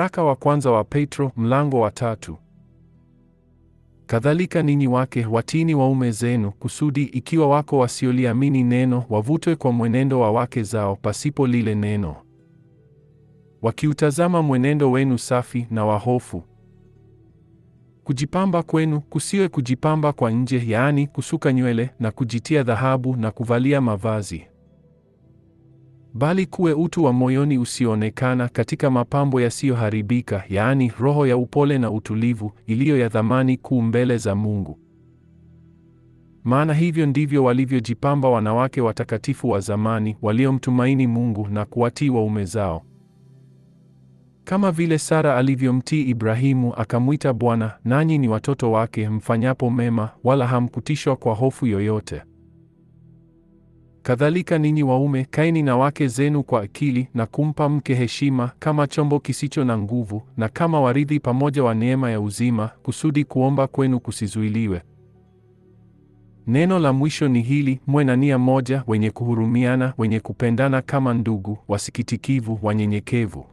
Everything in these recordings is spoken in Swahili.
Waraka wa kwanza wa Petro mlango wa tatu. Kadhalika ninyi wake watini waume zenu, kusudi ikiwa wako wasioliamini neno, wavutwe kwa mwenendo wa wake zao pasipo lile neno, wakiutazama mwenendo wenu safi na wahofu. Kujipamba kwenu kusiwe kujipamba kwa nje, yaani kusuka nywele na kujitia dhahabu na kuvalia mavazi bali kuwe utu wa moyoni usioonekana katika mapambo yasiyoharibika, yaani roho ya upole na utulivu iliyo ya thamani kuu mbele za Mungu. Maana hivyo ndivyo walivyojipamba wanawake watakatifu wa zamani waliomtumaini Mungu na kuwatii waume zao, kama vile Sara alivyomtii Ibrahimu akamwita Bwana, nanyi ni watoto wake mfanyapo mema, wala hamkutishwa kwa hofu yoyote. Kadhalika ninyi waume, kaeni na wake zenu kwa akili, na kumpa mke heshima, kama chombo kisicho na nguvu, na kama warithi pamoja wa neema ya uzima, kusudi kuomba kwenu kusizuiliwe. Neno la mwisho ni hili: mwe na nia moja, wenye kuhurumiana, wenye kupendana kama ndugu, wasikitikivu, wanyenyekevu,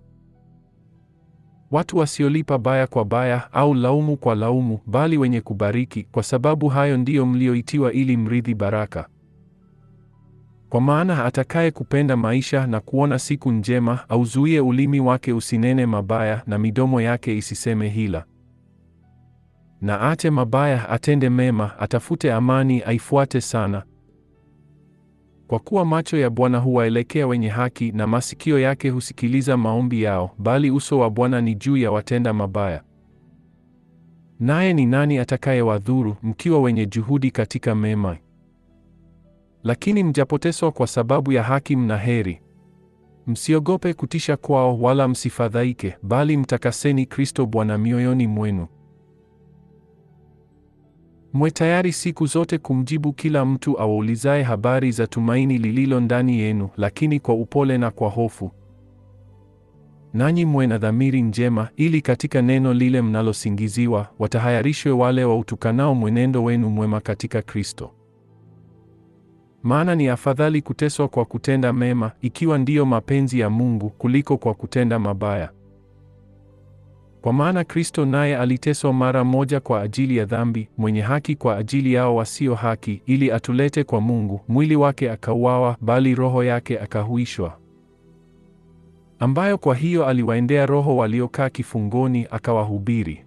watu wasiolipa baya kwa baya au laumu kwa laumu, bali wenye kubariki, kwa sababu hayo ndiyo mlioitiwa, ili mrithi baraka. Kwa maana atakaye kupenda maisha na kuona siku njema, auzuie ulimi wake usinene mabaya, na midomo yake isiseme hila. Na ate mabaya, atende mema, atafute amani, aifuate sana. Kwa kuwa macho ya Bwana huwaelekea wenye haki, na masikio yake husikiliza maombi yao, bali uso wa Bwana ni juu ya watenda mabaya. Naye ni nani atakayewadhuru, mkiwa wenye juhudi katika mema? Lakini mjapoteswa kwa sababu ya haki mna heri. Msiogope kutisha kwao, wala msifadhaike, bali mtakaseni Kristo Bwana mioyoni mwenu. Mwe tayari siku zote kumjibu kila mtu awaulizaye habari za tumaini lililo ndani yenu, lakini kwa upole na kwa hofu. Nanyi mwe na dhamiri njema, ili katika neno lile mnalosingiziwa watahayarishwe wale wautukanao mwenendo wenu mwema katika Kristo. Maana ni afadhali kuteswa kwa kutenda mema, ikiwa ndiyo mapenzi ya Mungu, kuliko kwa kutenda mabaya. Kwa maana Kristo naye aliteswa mara moja kwa ajili ya dhambi, mwenye haki kwa ajili yao wasio haki, ili atulete kwa Mungu; mwili wake akauawa, bali roho yake akahuishwa. Ambayo kwa hiyo aliwaendea roho waliokaa kifungoni, akawahubiri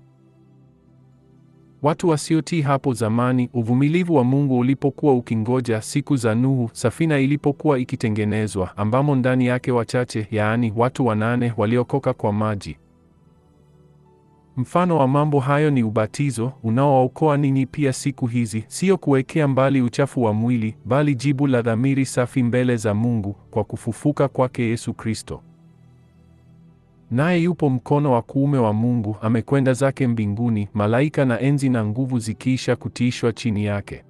watu wasiotii hapo zamani, uvumilivu wa Mungu ulipokuwa ukingoja siku za Nuhu, safina ilipokuwa ikitengenezwa, ambamo ndani yake wachache, yaani watu wanane, waliokoka kwa maji. Mfano wa mambo hayo ni ubatizo unaowaokoa ninyi pia siku hizi, sio kuwekea mbali uchafu wa mwili, bali jibu la dhamiri safi mbele za Mungu kwa kufufuka kwake Yesu Kristo. Naye yupo mkono wa kuume wa Mungu, amekwenda zake mbinguni, malaika na enzi na nguvu zikiisha kutiishwa chini yake.